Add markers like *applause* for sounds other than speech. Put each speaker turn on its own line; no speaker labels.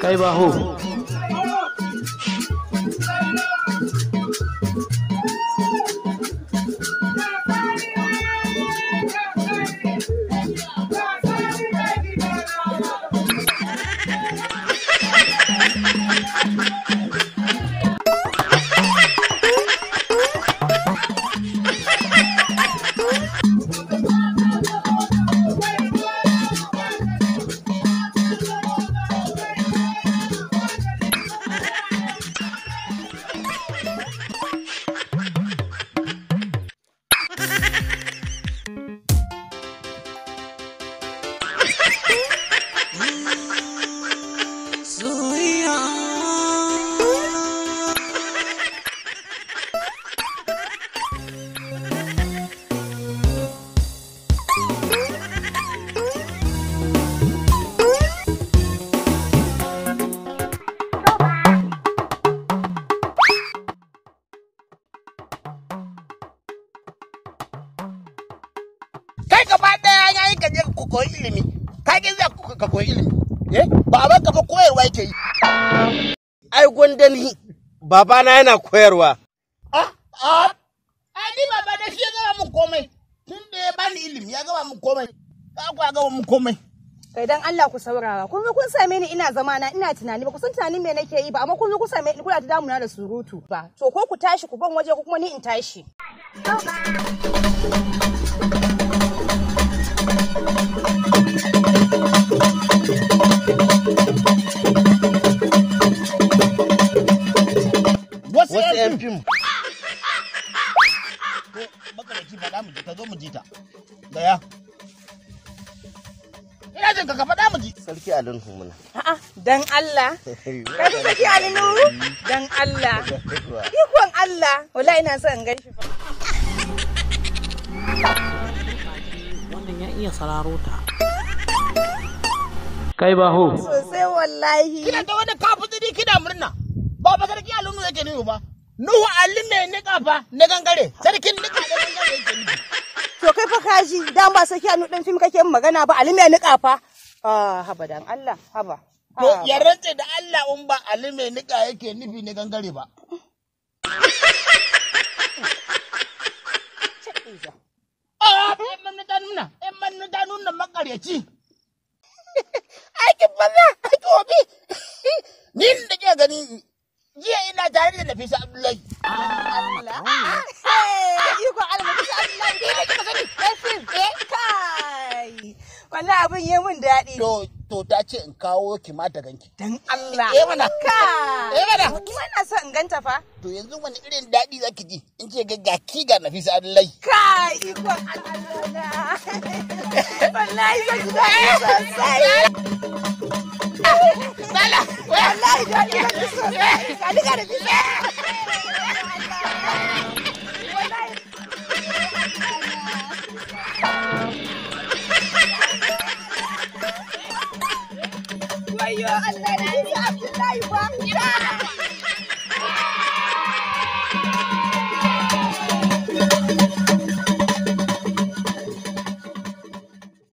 Caibarro.
kai gaba daya yayin ka je ka koyi ilimi ka ki za ka koyi ilimi eh baba ka fa koyarwa yake yi ai gondani baba na yana koyarwa ah ah ni baba da shi ya gaba mun komai tun da ya bani ilimi ya gaba mu komai ka ku gaba mu komai kai dan Allah ku saurara kun zo kun same ni ina zama na ina tunani ba ku san tunanin me nake yi ba amma kun zo kun same ni kuna ta damuna da surutu ba to ko ku tashi ku ban waje ko kuma ni in tashi gidan fim ko makaraci faɗa mu ji ta zo mu ji ta gaya ina jin ka ka faɗa mu ji sarki alin humuna a'a dan Allah *laughs* ka ji sarki alin dan Allah ikon Allah Wala ina son in ganshi fa wannan ya iya sararo ta kai ba ho sosai wallahi kina da wani kafin kina murna ba ba sarki alin yake ne ba Nuhu Ali mai niƙa fa na gangare, sarkin niƙa na gangare yake nufi. To kai fa kaji, dan ba saki anu dan fim kake magana ba, Ali mai niƙa fa. Ah, haba dan Allah, haba. To ah, ya rantse da Allah in ba Ali mai niƙa yake nufi na gangare ba. *laughs* Ah, ƴan mannu ta nuna, ƴan mannu ta nuna makaryaci. *laughs* Aikin banza, aikin obi. Ni da ke gani jiya ina tare da nafisa abdullahi iko alamu almajisa abdullahi da yake kasa ni fesir eh kai wannan abin yi min daɗi to to ta ce in kawo ki ma da ganki dan Allah eh mana kai eh mana ina so in ganta fa to yanzu wani irin daɗi zaki ji in ce ga ki ga nafisa abdullahi kai iko Allah *laughs* wallahi zaki da sai sala wallahi da ni ga so ka ga da bisa wayo Allah Abdullahi ba